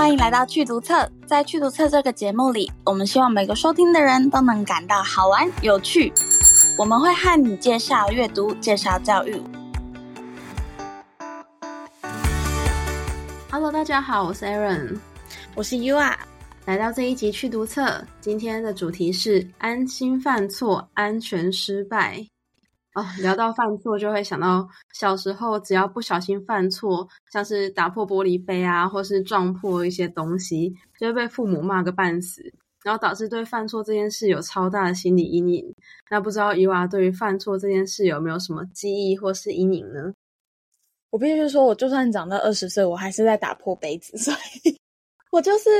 歡迎來到趣讀冊，在趣讀冊這個節目裡，我們希望每個收聽的人都能感到好玩有趣。我們會和你介紹閱讀，介紹教育。Hello，大家好，我是 Aaron，我是 Yua，來到這一集趣讀冊，今天的主題是安心犯錯，安全失敗。哦，聊到犯錯，就會想到小時候只要不小心犯錯，像是打破玻璃杯啊，或是撞破一些東西，就會被父母罵個半死，然後導致對犯錯這件事有超大的心理陰影。那不知道伊娃對於犯錯這件事有沒有什麼記憶或是陰影呢？我必須說，我就算長到二十歲，我還是在打破杯子，所以我就是。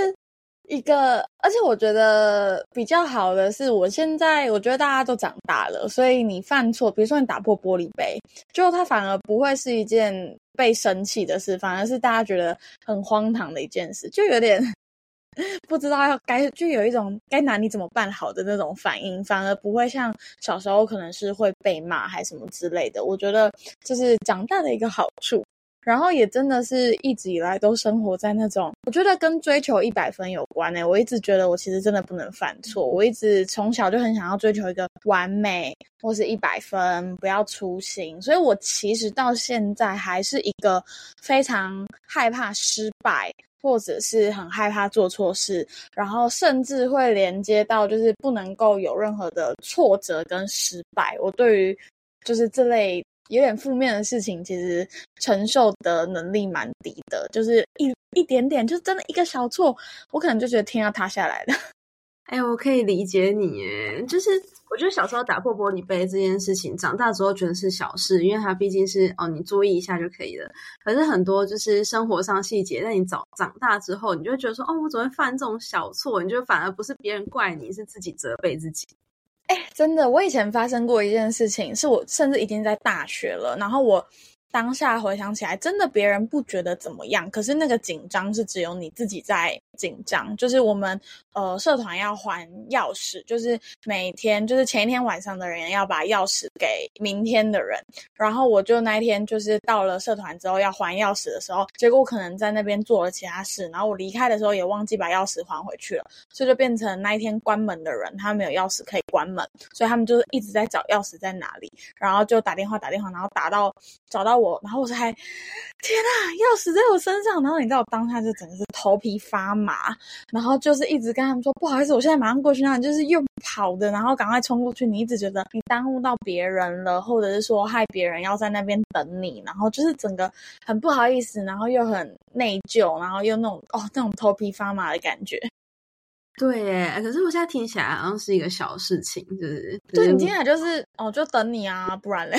一個，而且我覺得比較好的是，我現在我覺得大家都長大了，所以你犯錯，比如說你打破玻璃杯，就它反而不會是一件被生氣的事，反而是大家覺得很荒唐的一件事，就有點不知道要該，就有一種該拿你怎麼辦好的那種反應，反而不會像小時候可能是會被罵還什麼之類的。我覺得這是長大的一個好處。然後也真的是一直以來都生活在那種，我覺得跟追求一百分有關呢。欸，我一直覺得我其實真的不能犯錯，我一直從小就很想要追求一個完美或是一百分，不要粗心，所以我其實到現在還是一個非常害怕失敗，或者是很害怕做錯事，然後甚至會連接到就是不能夠有任何的挫折跟失敗。我對於就是這類。有點負面的事情，其實承受的能力蠻低的，就是一一點點，就是真的一個小錯，我可能就覺得天要塌下來了。哎，我可以理解你耶，就是我覺得小時候打破玻璃杯這件事情，長大之後覺得是小事，因為它畢竟是哦，你注意一下就可以了。可是很多就是生活上細節，但你長長大之後，你就會覺得說哦，我怎麼會犯這種小錯？你就反而不是別人怪你，是自己責備自己。哎，真的，我以前發生過一件事情，是我甚至已經在大學了，然後我當下回想起來，真的別人不覺得怎麼樣，可是那個緊張是只有你自己在。緊張，就是我們呃社團要還鑰匙，就是每天就是前一天晚上的人要把鑰匙給明天的人，然後我就那一天就是到了社團之後要還鑰匙的時候，結果可能在那邊做了其他事，然後我離開的時候也忘記把鑰匙還回去了，所以就變成那一天關門的人他沒有鑰匙可以關門，所以他們就是一直在找鑰匙在哪裡，然後就打電話打電話，然後打到找到我，然後我才天哪，鑰匙在我身上，然後你知道我當下就整個是頭皮發麻。啊，然後就是一直跟他們說不好意思，我現在馬上過去。那你就是又跑的，然後趕快衝過去。你一直覺得你耽誤到別人了，或者是說害別人要在那邊等你，然後就是整個很不好意思，然後又很內疚，然後又那種哦那種頭皮發麻的感覺。對，可是我現在聽起來好像是一個小事情，對對對，就是。對，你聽起來就是哦，就等你啊，不然嘞。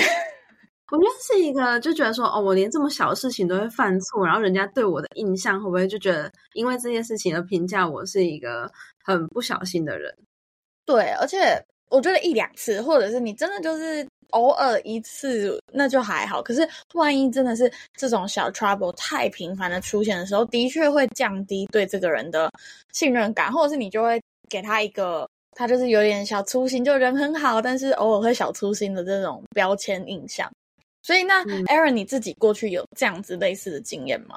我覺得是一個，就覺得說，哦，我連這麼小的事情都會犯錯，然後人家對我的印象會不會就覺得，因為這件事情而評價我是一個很不小心的人？對，而且我覺得一兩次，或者是你真的就是偶爾一次，那就還好。可是萬一真的是這種小 trouble 太頻繁的出現的時候，的確會降低對這個人的信任感，或者是你就會給他一個他就是有點小粗心，就人很好，但是偶爾會小粗心的這種標籤印象。所以那 Aaron，你自己過去有這樣子類似的經驗嗎？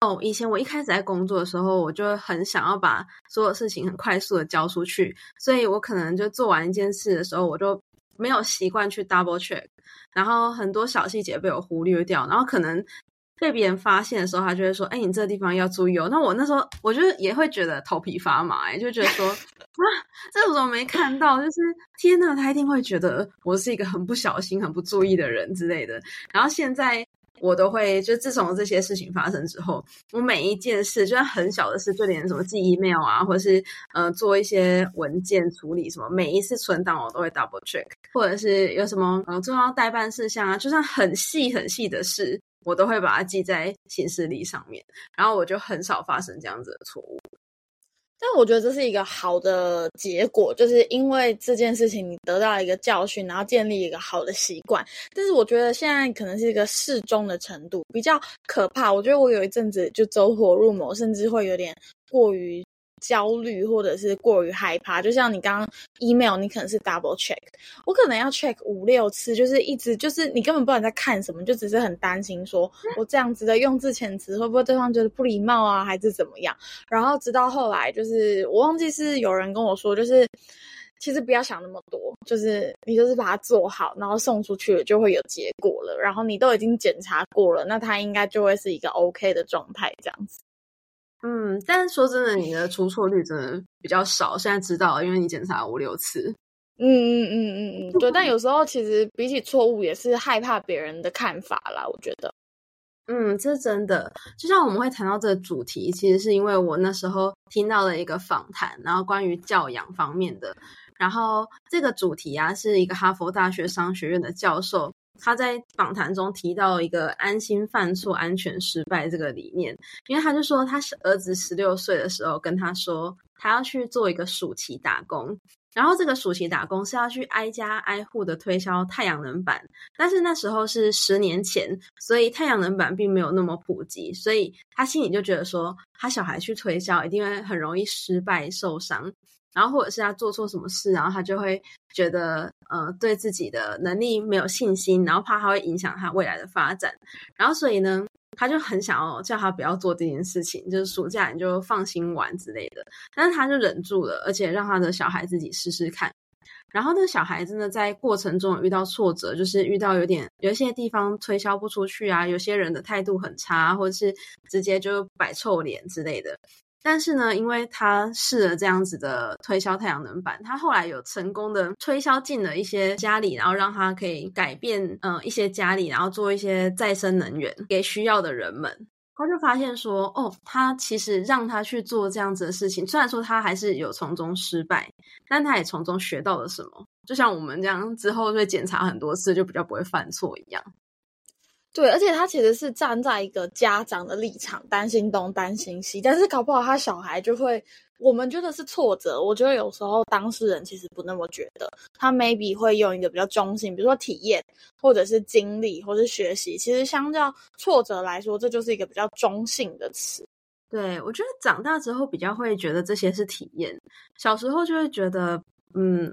哦、嗯，以前我一開始在工作的時候，我就很想要把所有事情很快速的交出去，所以我可能就做完一件事的時候，我就沒有習慣去 double check，然後很多小細節被我忽略掉，然後可能。被別人發現的時候，他就會說：“哎，你這個地方要注意哦。”那我那時候我就也會覺得頭皮發麻，哎，就覺得說：“啊，這我怎麼沒看到？”就是天吶，他一定會覺得我是一個很不小心、很不注意的人之類的。然後現在我都會，就自從這些事情發生之後，我每一件事，就算很小的事，就連什麼寄 email 啊，或者是呃做一些文件處理什麼，每一次存檔我都會 double check，或者是有什麼呃重要待辦事項啊，就算很細很細的事。我都會把它記在行事曆上面，然後我就很少發生這樣子的錯誤。但我覺得這是一個好的結果，就是因為這件事情你得到一個教訓，然後建立一個好的習慣。但是我覺得現在可能是一個適中的程度，比較可怕。我覺得我有一陣子就走火入魔，甚至會有點過於。焦慮或者是過於害怕，就像你剛剛 email，你可能是 double check，我可能要 check 五六次，就是一直就是你根本不知道你在看什麼，就只是很擔心說，說我這樣子的用字遣詞會不會對方覺得不禮貌啊，還是怎麼樣？然後直到後來，就是我忘記是有人跟我說，就是其實不要想那麼多，就是你就是把它做好，然後送出去了就會有結果了。然後你都已經檢查過了，那它應該就會是一個 OK 的狀態，這樣子。嗯，但是說真的，你的出錯率真的比較少。現在知道了，因為你檢查了五六次。嗯嗯嗯嗯嗯，對、嗯嗯。但有時候其實比起錯誤，也是害怕別人的看法啦。我覺得。嗯，這是真的。就像我們會談到這個主題，其實是因為我那時候聽到了一個訪談，然後關於教養方面的。然後這個主題啊，是一個哈佛大學商學院的教授。他在訪談中提到一個“安心犯錯，安全失敗”這個理念，因為他就說，他是兒子十六歲的時候跟他說，他要去做一個暑期打工，然後這個暑期打工是要去挨家挨戶的推銷太陽能板，但是那時候是十年前，所以太陽能板並沒有那麼普及，所以他心裡就覺得說，他小孩去推銷一定會很容易失敗受傷。然後，或者是他做錯什麼事，然後他就會覺得，呃，對自己的能力沒有信心，然後怕他會影響他未來的發展，然後所以呢，他就很想要叫他不要做這件事情，就是暑假你就放心玩之類的。但是他就忍住了，而且讓他的小孩自己試試看。然後那小孩子呢，在過程中遇到挫折，就是遇到有點有些地方推銷不出去啊，有些人的態度很差，或者是直接就擺臭臉之類的。但是呢，因為他試了這樣子的推銷太陽能板，他後來有成功的推銷進了一些家裡，然後讓他可以改變，嗯、呃，一些家裡，然後做一些再生能源給需要的人們。他就發現說，哦，他其實讓他去做這樣子的事情，雖然說他還是有從中失敗，但他也從中學到了什麼。就像我們這樣，之後會檢查很多次，就比較不會犯錯一樣。對，而且他其實是站在一個家長的立場，擔心東擔心西，但是搞不好他小孩就會，我們覺得是挫折。我覺得有時候當事人其實不那麼覺得，他 maybe 會用一個比較中性，比如說體驗，或者是經歷，或是學習。其實相較挫折來說，這就是一個比較中性的詞。對，我覺得長大之後比較會覺得這些是體驗，小時候就會覺得，嗯，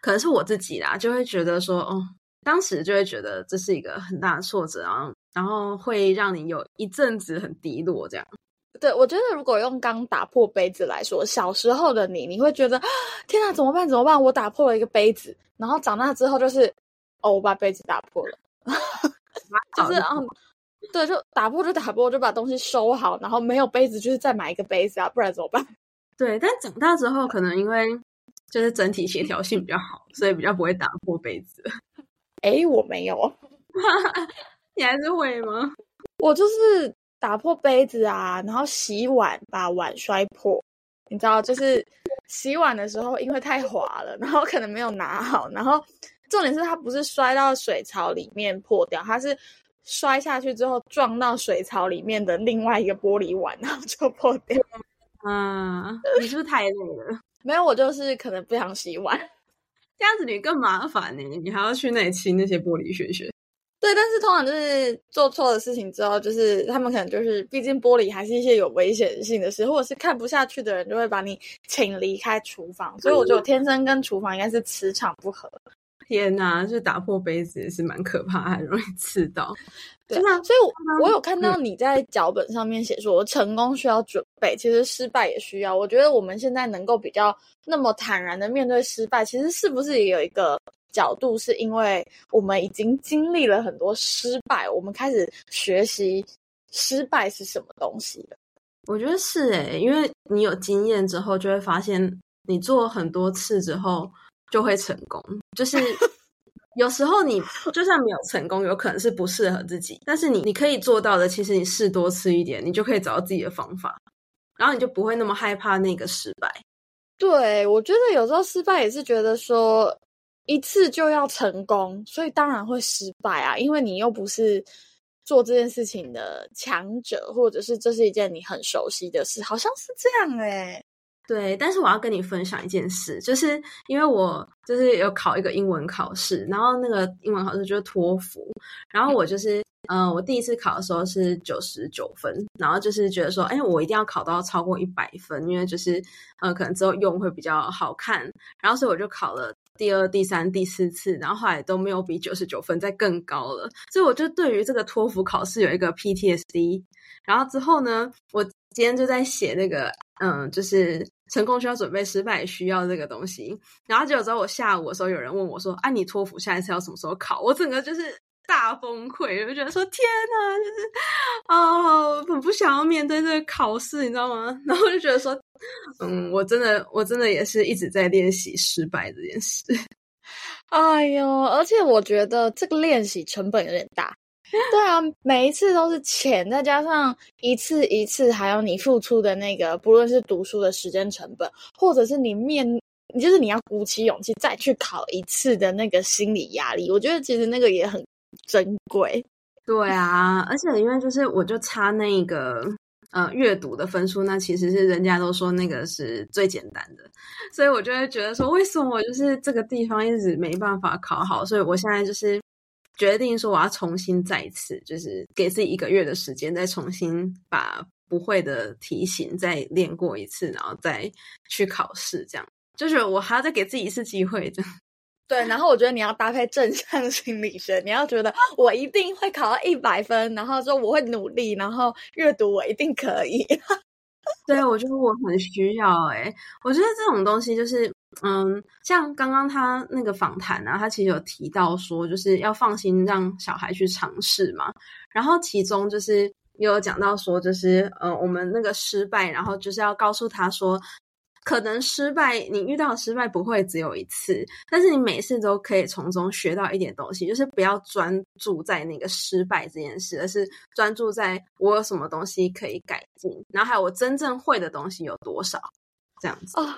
可能是我自己啦，就會覺得說，哦。當時就會覺得這是一個很大的挫折，然後然後會讓你有一陣子很低落，這樣。對，我覺得如果用剛打破杯子來說，小時候的你，你會覺得天哪，怎麼辦？怎麼辦？我打破了一個杯子。然後長大之後就是，哦，我把杯子打破了， 就是嗯，啊、後對，就打破就打破，就把東西收好，然後沒有杯子就是再買一個杯子啊，然後不然怎麼辦？對，但長大之後可能因為就是整體協調性比較好，所以比較不會打破杯子。哎，我沒有， 你還是會嗎？我就是打破杯子啊，然後洗碗把碗摔破，你知道，就是洗碗的時候因為太滑了，然後可能沒有拿好，然後重點是它不是摔到水槽裡面破掉，它是摔下去之後撞到水槽裡面的另外一個玻璃碗，然後就破掉。啊，你是不是太累了？ 沒有，我就是可能不想洗碗。這樣子你更麻煩呢，你還要去那裡清那些玻璃屑屑。對，但是通常就是做錯的事情之後，就是他們可能就是，畢竟玻璃還是一些有危險性的事，或者是看不下去的人就會把你請離開廚房。所以我覺得我天生跟廚房應該是磁場不合。嗯天吶、啊，就打破杯子也是蠻可怕，還容易刺到。對啊，嗎所以我我有看到你在腳本上面寫說，嗯、成功需要準備，其實失敗也需要。我覺得我們現在能夠比較那麼坦然的面對失敗，其實是不是也有一個角度，是因為我們已經經歷了很多失敗，我們開始學習失敗是什麼東西了。我覺得是誒、欸，因為你有經驗之後，就會發現你做了很多次之後。就會成功，就是 有時候你就算沒有成功，有可能是不適合自己，但是你你可以做到的。其實你試多次一點，你就可以找到自己的方法，然後你就不會那麼害怕那個失敗。對，我覺得有時候失敗也是覺得說一次就要成功，所以當然會失敗啊，因為你又不是做這件事情的強者，或者是這是一件你很熟悉的事，好像是這樣誒、欸。對，但是我要跟你分享一件事，就是因為我就是有考一個英文考試，然後那個英文考試就是托福，然後我就是呃，我第一次考的時候是九十九分，然後就是覺得說，哎，我一定要考到超過一百分，因為就是呃，可能之後用會比較好看，然後所以我就考了第二、第三、第四次，然後後來都沒有比九十九分再更高了，所以我就對於這個托福考試有一個 PTSD。然後之後呢，我今天就在寫那個，嗯、呃，就是。成功需要準備，失敗需要這個東西。然後就有時候我下午的時候有人問我說：“啊，你托福下一次要什麼時候考？”我整個就是大崩潰，我就覺得說：“天吶，啊，就是啊，呃，很不想要面對這個考試，你知道嗎？”然後就覺得說：“嗯，我真的，我真的也是一直在練習失敗這件事。”哎呦，而且我覺得這個練習成本有點大。 對啊，每一次都是錢，再加上一次一次，還有你付出的那個，不論是讀書的時間成本，或者是你面，就是你要鼓起勇氣再去考一次的那個心理壓力，我覺得其實那個也很珍貴。對啊，而且因為就是我就差那個呃閱讀的分數，那其實是人家都說那個是最簡單的，所以我就會覺得說，為什麼我就是這個地方一直沒辦法考好，所以我現在就是。決定說我要重新再一次，就是給自己一個月的時間，再重新把不會的題型再練過一次，然後再去考試，這樣就是我還要再給自己一次機會，這樣。對，然後我覺得你要搭配正向心理學，你要覺得我一定會考到一百分，然後說我會努力，然後閱讀我一定可以。 對，我覺得我很需要哎、欸，我覺得這種東西就是。嗯，像剛剛他那個訪談呢，啊，他其實有提到說，就是要放心讓小孩去嘗試嘛。然後其中就是也有講到說，就是呃，我們那個失敗，然後就是要告訴他說，可能失敗你遇到的失敗不會只有一次，但是你每次都可以從中學到一點東西。就是不要專注在那個失敗這件事，而是專注在我有什麼東西可以改進，然後還有我真正會的東西有多少，這樣子。哦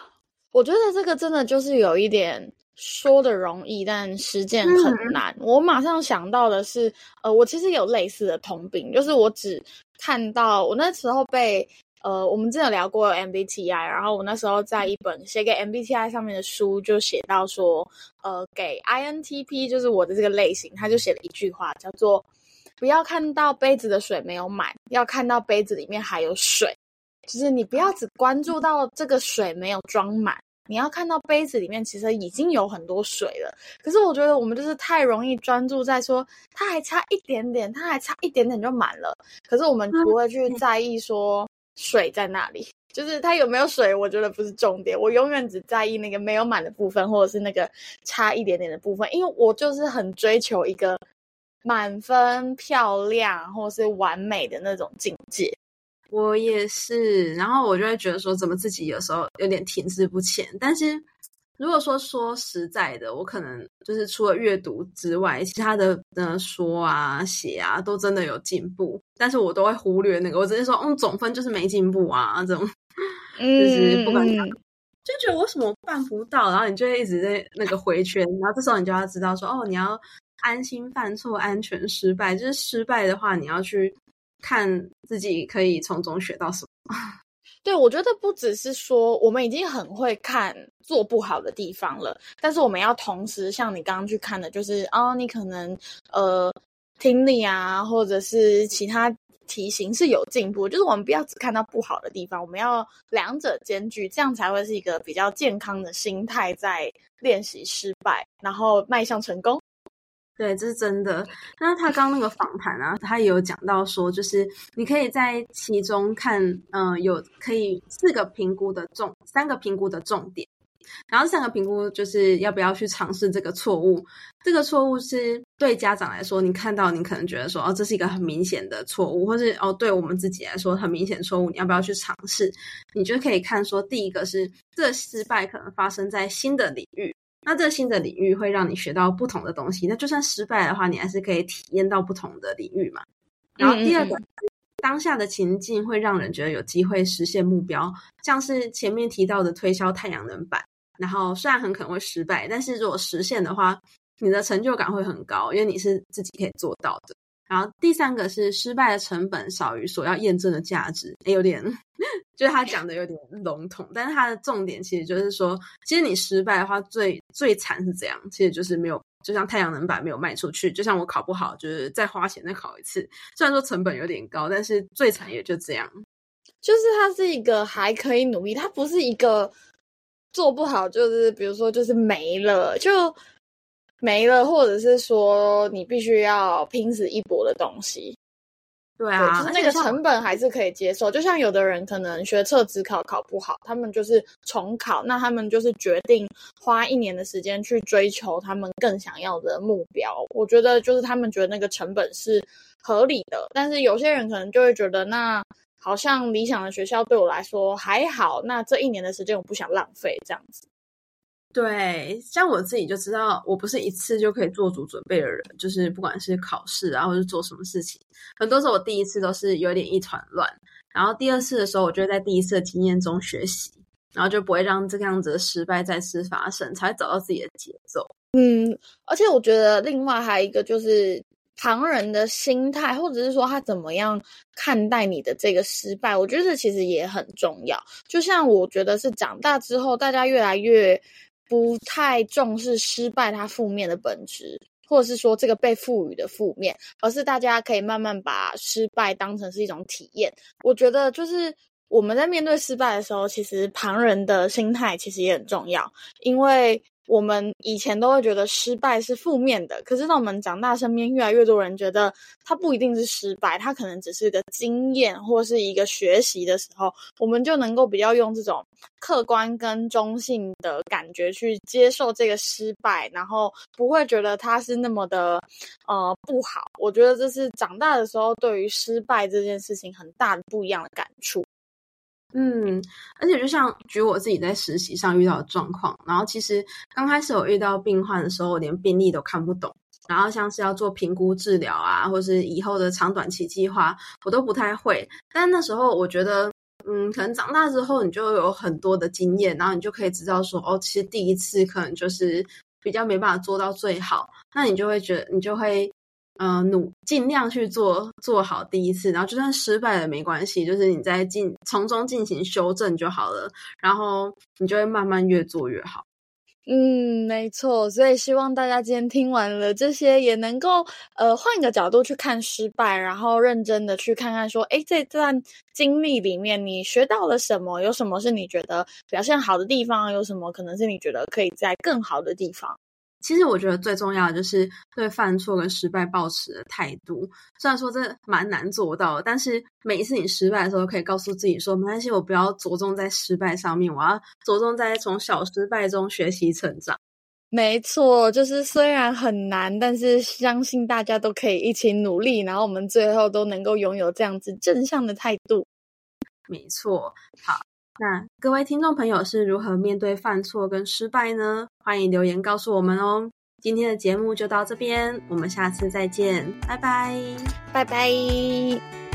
我覺得這個真的就是有一點說的容易，但實踐很難。嗯、我馬上想到的是，呃，我其實有類似的通病，就是我只看到我那時候被呃，我們之前有聊過 MBTI，然後我那時候在一本寫給 MBTI 上面的書就寫到說，呃，給 INTP 就是我的這個類型，他就寫了一句話，叫做“不要看到杯子的水沒有滿，要看到杯子裡面還有水。”就是你不要只關注到這個水沒有裝滿，你要看到杯子裡面其實已經有很多水了。可是我覺得我們就是太容易專注在說它還差一點點，它還差一點點就滿了。可是我們不會去在意說水在那裡，就是它有沒有水，我覺得不是重點。我永遠只在意那個沒有滿的部分，或者是那個差一點點的部分，因為我就是很追求一個滿分、漂亮或者是完美的那種境界。我也是，然後我就會覺得說，怎麼自己有時候有點停滯不前？但是如果說說實在的，我可能就是除了閱讀之外，其他的呃說啊寫啊都真的有進步，但是我都會忽略那個，我直接說，嗯，總分就是沒進步啊，這種，就是不管他，嗯嗯、就覺得為什麼辦不到？然後你就會一直在那個回圈，然後這時候你就要知道說，哦，你要安心犯錯，安全失敗，就是失敗的話，你要去。看自己可以從中學到什麼。對，我覺得不只是說我們已經很會看做不好的地方了，但是我們要同時像你剛剛去看的，就是哦、啊，你可能呃聽力啊，或者是其他題型是有進步，就是我們不要只看到不好的地方，我們要兩者兼具，這樣才會是一個比較健康的心態在練習失敗，然後邁向成功。對，這是真的。那他剛剛那個訪談啊，他也有講到說，就是你可以在其中看，嗯、呃，有可以四個評估的重，三個評估的重點。然後三個評估就是要不要去嘗試這個錯誤。這個錯誤是對家長來說，你看到你可能覺得說，哦，這是一個很明顯的錯誤，或是哦，對我們自己來說很明顯的錯誤，你要不要去嘗試？你就可以看說，第一個是這個、失敗可能發生在新的領域。那這新的領域會讓你學到不同的東西，那就算失敗的話，你還是可以體驗到不同的領域嘛。然後第二個，嗯嗯嗯。當下的情境會讓人覺得有機會實現目標，像是前面提到的推銷太陽能板，然後雖然很可能會失敗，但是如果實現的話，你的成就感會很高，因為你是自己可以做到的。然後第三個是失敗的成本少於所要驗證的價值，哎，有點。 就是他講的有點籠統，但是他的重點其實就是說，其實你失敗的話最，最最慘是這樣，其實就是沒有，就像太陽能板沒有賣出去，就像我考不好，就是再花錢再考一次，雖然說成本有點高，但是最慘也就這樣。就是它是一個還可以努力，它不是一個做不好就是比如說就是沒了，就沒了，或者是說你必須要拼死一搏的東西。對啊對，就是那個成本還是可以接受。像就像有的人可能學測指考考不好，他們就是重考，那他們就是決定花一年的時間去追求他們更想要的目標。我覺得就是他們覺得那個成本是合理的，但是有些人可能就會覺得，那好像理想的學校對我來說還好，那這一年的時間我不想浪費這樣子。對，像我自己就知道，我不是一次就可以做足準備的人，就是不管是考試啊，或是做什麼事情，很多時候我第一次都是有點一團亂，然後第二次的時候，我就會在第一次的經驗中學習，然後就不會讓這個樣子的失敗再次發生，才會找到自己的節奏。嗯，而且我覺得另外還有一個就是旁人的心態，或者是說他怎麼樣看待你的這個失敗，我覺得這其實也很重要。就像我覺得是長大之後，大家越來越不太重視失敗它負面的本質，或者是說這個被賦予的負面，而是大家可以慢慢把失敗當成是一種體驗。我覺得就是我們在面對失敗的時候，其實旁人的心態其實也很重要，因為。我們以前都會覺得失敗是負面的，可是當我們長大，身邊越來越多人覺得它不一定是失敗，它可能只是一個經驗或是一個學習的時候，我們就能夠比較用這種客觀跟中性的感覺去接受這個失敗，然後不會覺得它是那麼的呃不好。我覺得這是長大的時候對於失敗這件事情很大的不一樣的感觸。嗯，而且就像舉我自己在實習上遇到的狀況，然後其實剛開始我遇到病患的時候，我連病歷都看不懂，然後像是要做評估、治療啊，或是以後的長短期計劃，我都不太會。但那時候我覺得，嗯，可能長大之後你就有很多的經驗，然後你就可以知道說，哦，其實第一次可能就是比較沒辦法做到最好，那你就會覺得，你就會。呃，努盡量去做做好第一次，然後就算失敗了沒關係，就是你在進從中進行修正就好了，然後你就會慢慢越做越好。嗯，沒錯，所以希望大家今天聽完了這些，也能夠呃換個角度去看失敗，然後認真的去看看說，誒，這段經歷裡面你學到了什麼？有什麼是你覺得表現好的地方？有什麼可能是你覺得可以在更好的地方？其實我覺得最重要的就是對犯錯跟失敗抱持的態度。雖然說這蠻難做到，但是每一次你失敗的時候，都可以告訴自己說：沒關係，我不要着重在失敗上面，我要着重在從小失敗中學習成長。沒錯，就是雖然很難，但是相信大家都可以一起努力，然後我們最後都能夠擁有這樣子正向的態度。沒錯，好。那各位聽眾朋友是如何面對犯錯跟失敗呢？歡迎留言告訴我們哦。今天的節目就到這邊，我們下次再見，拜拜，拜拜。